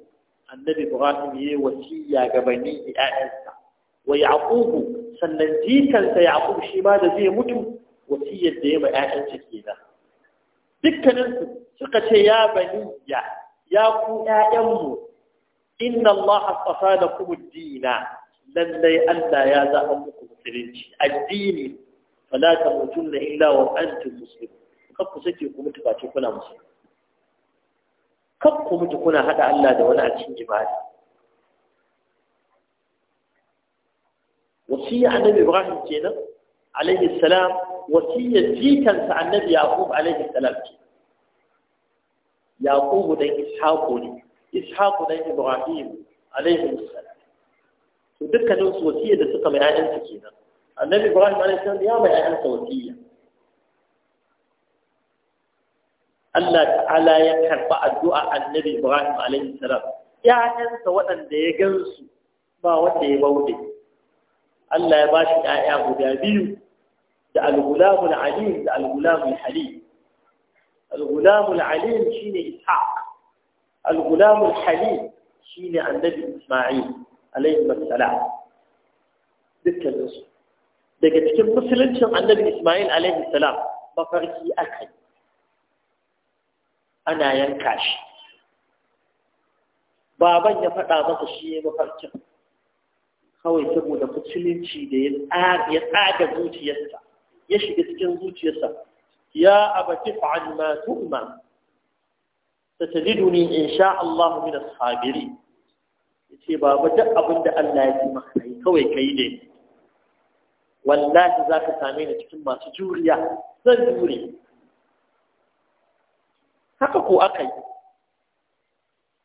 النبي إبراهيم يوصي يا جبني أعزة ويعقوب sannan jikansa Yaqub shi ma da zai mutu wasiyar da ya ba yayan ciki na Dukkaninsu suka ce ya baniya ya ku 'ya'yanmu. inna Allah astafa da kuma dina lallai Allah ya zaɓa muku musulunci addini fala tamutunna illa wa antum muslimun kar ku ku mutu ba kuna musulmi kar mutu kuna haɗa Allah da wani a cikin jima'i وصية النبي إبراهيم كينا عليه السلام وصية جيكا عن النبي يعقوب عليه السلام كينا يعقوب دين إسحاق ولي إسحاق دين إبراهيم عليه السلام ودكا نوص وصية دسقة من آيان سكينا النبي إبراهيم عليه السلام يا من آيان وصية الله تعالى بعد دعاء النبي إبراهيم عليه السلام يا أنت وأن ديجنسو ما wanda ya Allah ya bashi ƴaƴa guda biyu da al-gulamul alim da al-gulamul halim al-gulamul alim shine ishaq al-gulamul halim shine annabi isma'il alaihi assalam dukkan su daga cikin musuluncin annabi isma'il alaihi salam mafarki aka yi ana yanka shi baban ya faɗa masa shi ya mafarkin kawai saboda musulunci da ya tsaga zuciyarsa ya shiga cikin zuciyarsa ya abati fa'al ma tu'ma in sha Allah min as-sabiri ba baba duk abin da Allah ya yi maka kai kawai kai ne wallahi zaka same ni cikin masu juriya zan jure haka ko akai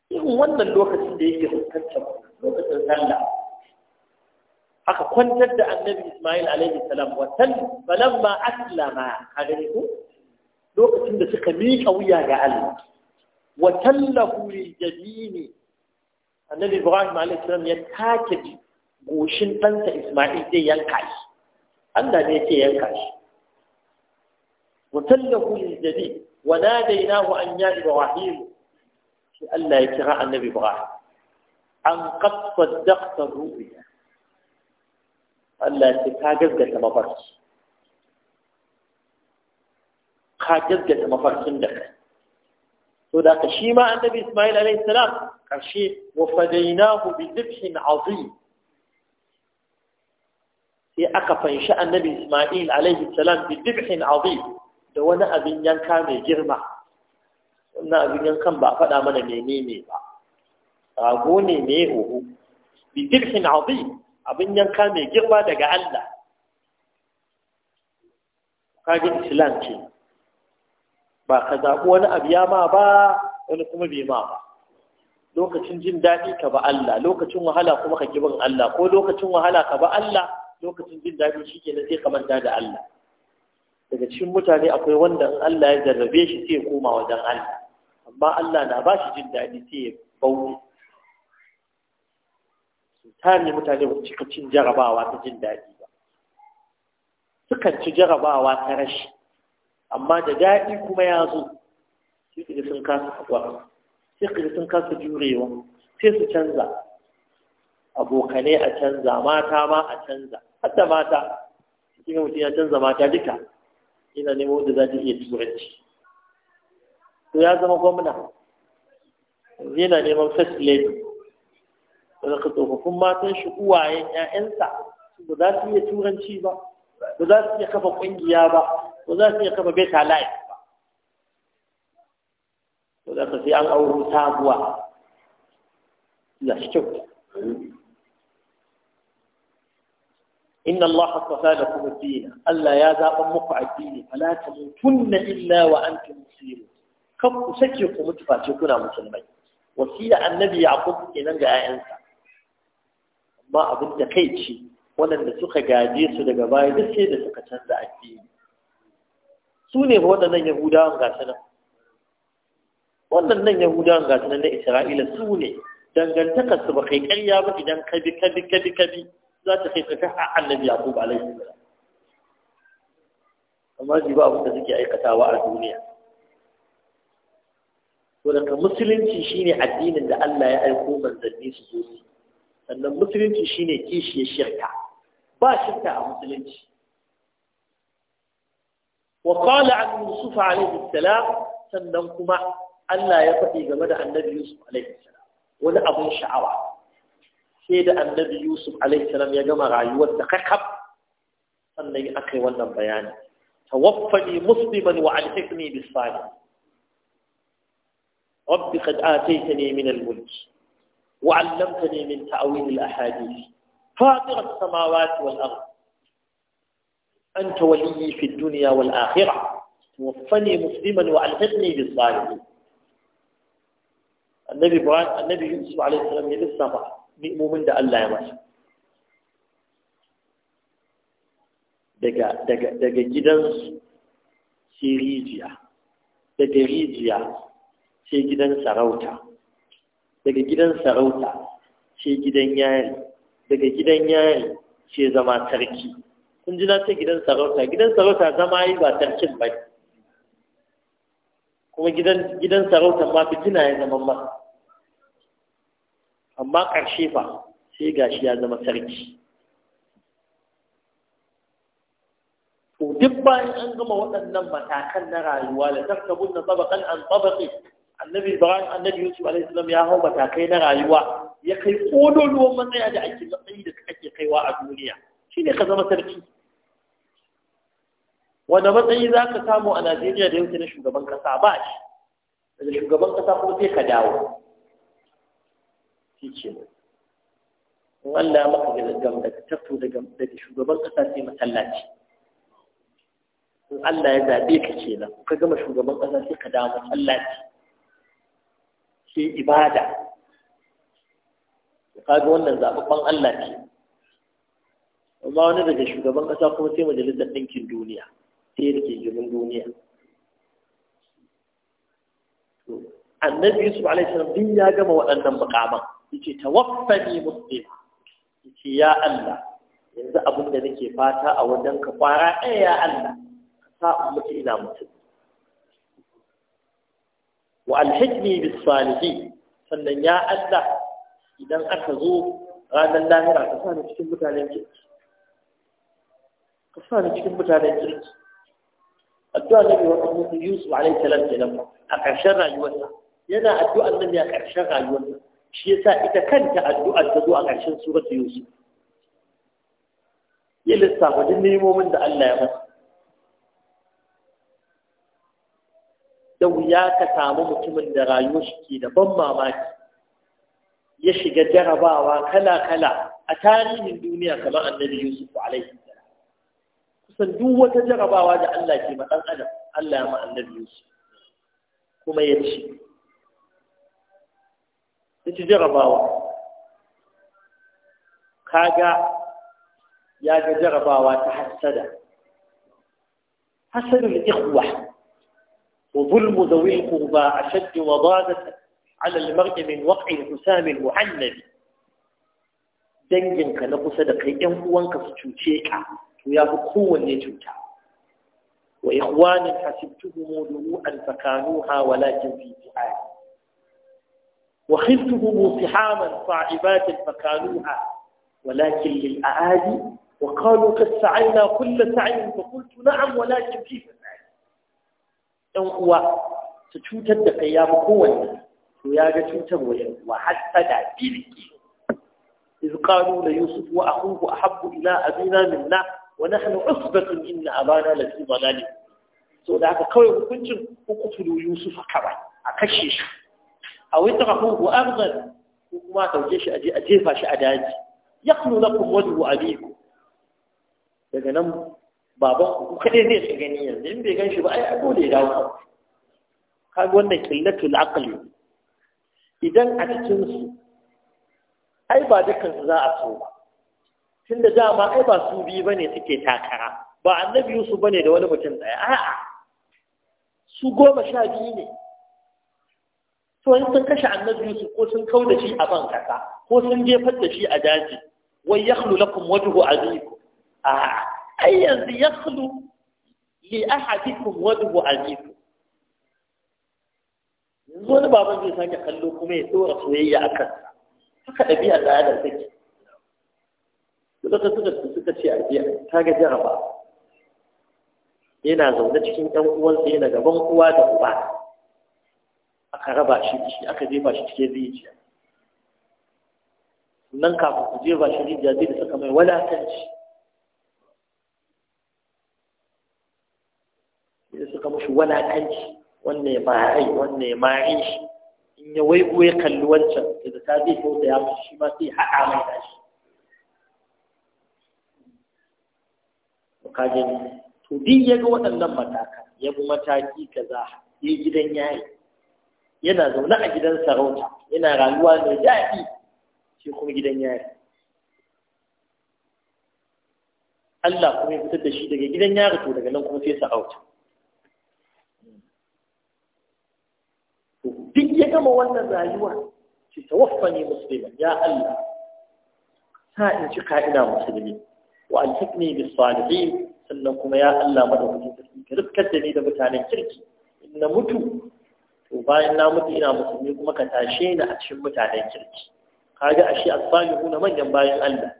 irin wannan lokacin da yake hukunta lokacin sallah aka kwantar da annabi Ismail alaihi salam watan falamma aslama kaga ne ko lokacin da suka miƙa wuya ga Allah wa tallahu lil jabini annabi Ibrahim alaihi salam ya take goshin ɗansa Ismail zai yanka shi Allah ne yake yanka shi wa tallahu lil jabini wa nadainahu an ya Ibrahim shi Allah ya kira annabi Ibrahim an qad saddaqta ru'ya Allah ya ce ka gaskata mafarki ka gaskata mafarkin da kai to da ka ma annabi Ismail alaihi salam karshe wa fadainahu bi sai aka fanshi annabi Ismail alaihi salam bi dhibhin da wani abin yanka mai girma wannan abin yankan ba faɗa mana menene ba rago ne abin yanka mai girma daga Allah kage islam ce ba ka zaɓi wani abu ya ma ba wani kuma bai ma ba lokacin jin daɗi ka ba Allah lokacin wahala kuma ka kibin Allah ko lokacin wahala ka ba Allah lokacin jin daɗi shi ke sai ka manta da Allah daga cikin mutane akwai wanda in Allah ya jarrabe shi sai ya koma wajen Allah amma Allah na ba shi jin daɗi sai ya bauta. kame mutane ba cika cin jarabawa ta jin daɗi ba sukan ci jarabawa ta rashi amma da daɗi kuma ya zo sai sun kasa haƙura sai sun kasa jurewa sai su canza abokanai a canza mata ma a canza hadda mata cikin mutum ya canza mata duka ina nemo wanda za ta iya turanci to ya zama gwamna yana neman first lady daga tsofaffin matan shi uwayen ƴaƴansa ba za su iya turanci ba ba za su iya kafa ƙungiya ba ba za su iya kafa beta life ba ba za ka sai an auro sabuwa ya shi kyau إن الله اصطفى لكم الدين ألا يا ذا أمك الدين فلا تموتن ku وأنتم مسلمون كم أسكيكم متفاتكنا مسلمين وسيلة النبي يعقوب إن ga أنسى ma abin da kai ci waɗanda suka gaje su daga baya duk sai da suka canza addini su ne fa waɗannan yahudawan gasu nan waɗannan yahudawan gasu nan na isra'ila su ne dangantakar su ba kai ƙarya ba idan kabi kabi kabi kabi za ta kai ka a annabi yaqub alaihi salam amma ji ba abin da suke aikatawa a duniya to daga musulunci shine addinin da Allah ya aiko manzanni su zo su sannan musulunci shine kishiyar shirka ba shirka a musulunci wa qala an yusuf alayhi salam sannan kuma Allah ya faɗi game da annabi yusuf alayhi salam wani abun sha'awa sai da annabi yusuf alayhi salam ya gama rayuwar da kakab sannan aka yi wannan bayani tawaffani musliman wa alhiqni bis salih rabbi qad ataytani min al-mulk وعلمتني من تأويل الأحاديث فاطر السماوات والأرض أنت ولي في الدنيا والآخرة وفني مسلما وألحقني بالصالحين النبي بران النبي يوسف عليه السلام يلسى مؤمن ده الله يمشي دقا دقا دقا جدا سيريجيا دقا daga سيريجيا sai daga gidan sarauta ce gidan yari daga gidan yari ce zama sarki kun ji na ce gidan sarauta gidan sarauta zama yi ba sarki ba kuma gidan gidan sarauta ma fitina ya zama ma amma ƙarshe fa sai gashi ya zama sarki Ko duk bayan an gama waɗannan matakan na rayuwa da tarkabun na tabaqan an tabaqi annabi bayan annabi yusuf alaihi salam ya hau matakai na rayuwa ya kai kodoluwan matsaya da ake matsayi da ke kaiwa a duniya shine ka zama sarki wanda matsayi za ka samu a najeriya da yau na shugaban kasa ba shi daga shugaban kasa kuma sai ka dawo shi ce in Allah ya maka gam daga tattu daga shugaban kasa sai masallaci Allah ya zaɓe ka nan ka gama shugaban kasa sai ka dawo masallaci sai ibada kaga wannan zaɓaɓɓen Allah ne amma wani daga shugaban ƙasa kuma sai majalisar ɗinkin duniya sai da ke jirin duniya annabi yusuf alaihi salam din ya gama waɗannan ce ta waffa ne yace ya Allah yanzu abin da nake fata a wajen ka ƙwara ɗaya ya Allah ka sa mutu ina mutum wa alhijni bis salihin sannan ya Allah idan aka zo ranar lahira ka sa ni cikin mutanen kirki ka sa ni cikin mutanen kirki addu'a nabi wa annabi yusuf alaihi salam kenan a ƙarshen rayuwarsa yana addu'ar nan ne a ƙarshen rayuwarsa shi yasa ita kanta addu'ar ta zo a ƙarshen suratu yusuf ya lissafa duk nemomin da Allah ya masa Ya ka samu mutumin da rayuwar ke da ban mamaki ya shiga jarabawa kala-kala a tarihin duniya kamar annabi yusuf alaihi kusan duk wata jarabawa da Allah ke ma dan adam Allah ya ma annabi yusuf kuma ya ci ita jarabawa kaga ya ga jarabawa ta hassada hasadul ikhwa وظلم ذوي القربى أشد وضادة على المرء من وقع الحسام المعنب دنجنك لقو صدقي إنفوانك ستوتيك وياه قوة نتوتا وإخوان حسبتهم دروءا فكانوها ولكن في فعال وخذتهم صحاما صعبات فكانوها ولكن للأعادي وقالوا قد سعينا كل سعي فقلت نعم ولكن كيف فعال ɗan uwa ta cutar da kai ya fi kowanne to ya ga cutar wa ‘yan uwa hatta da birki wa akhuhu ahabbu ila abina minna wa nahnu usbatun inna abana la fi ضلال so da haka kawai hukuncin hukutulu yusuf kaba a kashe shi a wai ta kafin ku arzan ko kuma dauke shi a jefa shi a daji ya kuma na kuma wani wa daga nan baban ku kaɗai zai su gani yanzu in bai gan shi ba ai a dole ya dawo kaga wannan killatul aqli idan a cikin su ai ba dukkan su za a so ba tunda dama ai ba su biyu bane suke takara ba annabi Yusuf bane da wani mutum ɗaya a'a su goma sha biyu ne to in sun kashe annabi Yusuf ko sun kau da shi a ban kasa ko sun jefar da shi a daji wai yakhlu lakum wajhu abikum a'a ai yanzu ya khulu li ahadikum wajhu alikum yanzu wani baban zai sake kallo kuma ya tsora soyayya a kansa Suka ɗabi'a da adar take suka suka suka ce a biya ta ga jaraba yana zaune cikin ɗan uwansa yana gaban uwa da uba aka raba shi shi aka jefa shi cikin rijiya nan kafin ku jefa shi rijiya zai da saka mai wadatanci suka mushi walakanci wanne ya marai wanne ya mare shi in ya waigo ya kalli wancan daga ta zai kyauta ya mushi shi ma sai haɗa mai nashi kaje to din ya ga waɗannan matakan ya bi mataki kaza ya gidan yayi yana zaune a gidan sarauta yana rayuwa mai daɗi shi kuma gidan yari Allah kuma ya fitar da shi daga gidan yari to daga nan kuma sai sarauta ya gama wannan rayuwa ce tawaffani musliman ya Allah sa in ci ka'ina musulmi wa alhiqni bis salihin sannan kuma ya Allah madaukakin sarki ka rifkar da ni da mutanen kirki in na mutu to bayan na mutu ina musulmi kuma ka tashe ni a cikin mutanen kirki kaga ashe as-salihuna manyan bayan Allah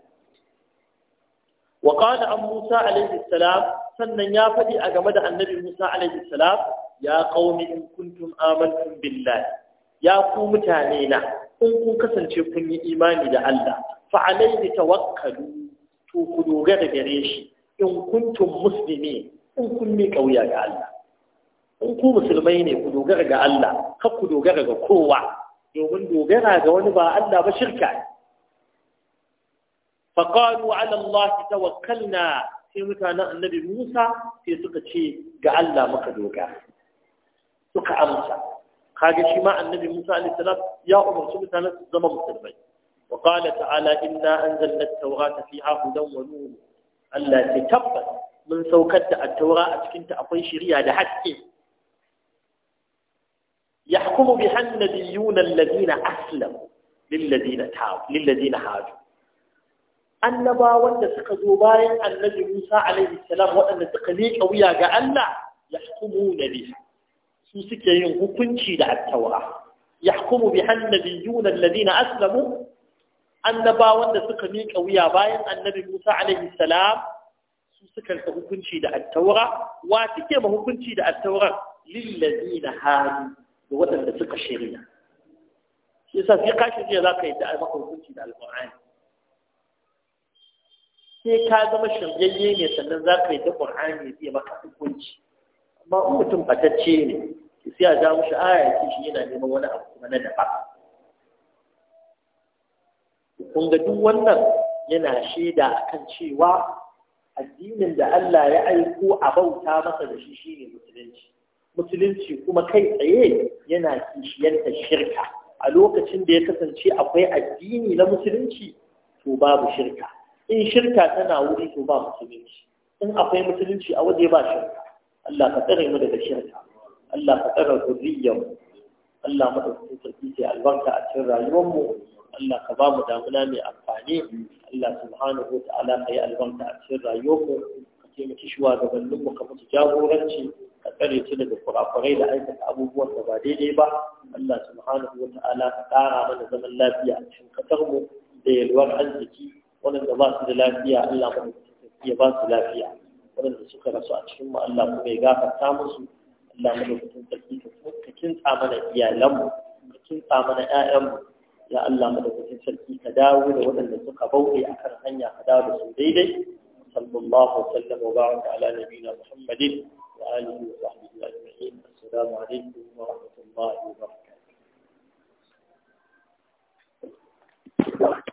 wa qala an Musa alaihi salam sannan ya faɗi a game da annabi Musa alaihi salam ya qaumi in kuntum amantum billahi ya ku mutane na in kun kasance kun yi imani da Allah fa alaihi tawakkalu to ku dogara gare shi in kuntum muslimi in kun mi kauya ga Allah in ku musulmai ne ku dogara ga Allah Ka ku dogara ga kowa domin dogara ga wani ba Allah ba shirka ne faqalu ala Allah tawakkalna sai mutanen annabi Musa sai suka ce ga Allah muka dogara suka amsa خاجش مع النبي موسى عليه السلام يا عمر سبت أنا الزمن السلمي وقال تعالى إنا أنزلنا التوراة فيها هدى ونور ألا تكبر من سوكت التوراة كنت أطي شريعة لحكي يحكم بها النبيون الذين أسلموا للذين تاب للذين هاجوا أن ما وأن تقضوا النبي موسى عليه السلام وأن تقضي او قال لا يحكمون بها su suke yin hukunci da attaura yahkumu bi hannabiyuna alladhina aslamu annabawan da suka miƙa wuya bayan annabi Musa alaihi salam su suka rika hukunci da attaura wa suke ma hukunci da attaura lillazina hadu da waɗanda suka shirya shi yasa sai ka za ka yi da maka hukunci da alƙur'ani sai ka zama shiryayye ne sannan za ka yi da ƙur'ani ya maka hukunci amma mutum batacce ne sai a ja mushi aya ce shi yana neman wani abu kuma na dafa. kun ga duk wannan yana shaida kan cewa addinin da Allah ya aiko a bauta masa da shi shine musulunci musulunci kuma kai tsaye yana kishiyanta shirka a lokacin da ya kasance akwai addini na musulunci to babu shirka in shirka tana wuri to ba musulunci in akwai musulunci a waje ba shirka Allah ka tsare mu daga shirka Allah ka tsara zurriyar Allah madaukakin sarki sai albarka a cikin rayuwar mu Allah ka ba mu damuna mai amfani Allah subhanahu wa ta'ala ka yi albarka a cikin rayuwar mu ka taimaki shugabannin mu ka musu jagoranci ka tsare su daga kurakurai da aikata abubuwan da ba daidai ba Allah subhanahu wa ta'ala ka ƙara mana zaman lafiya a cikin kasar mu da yalwar arziki waɗanda ba su da lafiya Allah madaukakin ya ba su lafiya waɗanda suka rasu a cikin mu Allah kuma ya gafarta musu Allah madaukakin sarki ka so ka kintsa mana iyalanmu ka kintsa mana ƴaƴanmu ya Allah madaukakin sarki ka dawo da waɗanda suka bauɗe a kan hanya ka dawo da su daidai sallallahu sallam wa baraka ala nabiyina muhammadin wa alihi wa sahbihi ajma'in assalamu alaikum wa rahmatullahi wa barakatuh